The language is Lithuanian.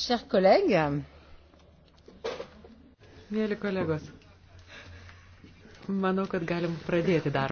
Chers collègues, Mėly kolegos, manau, kad galim pradėti dar.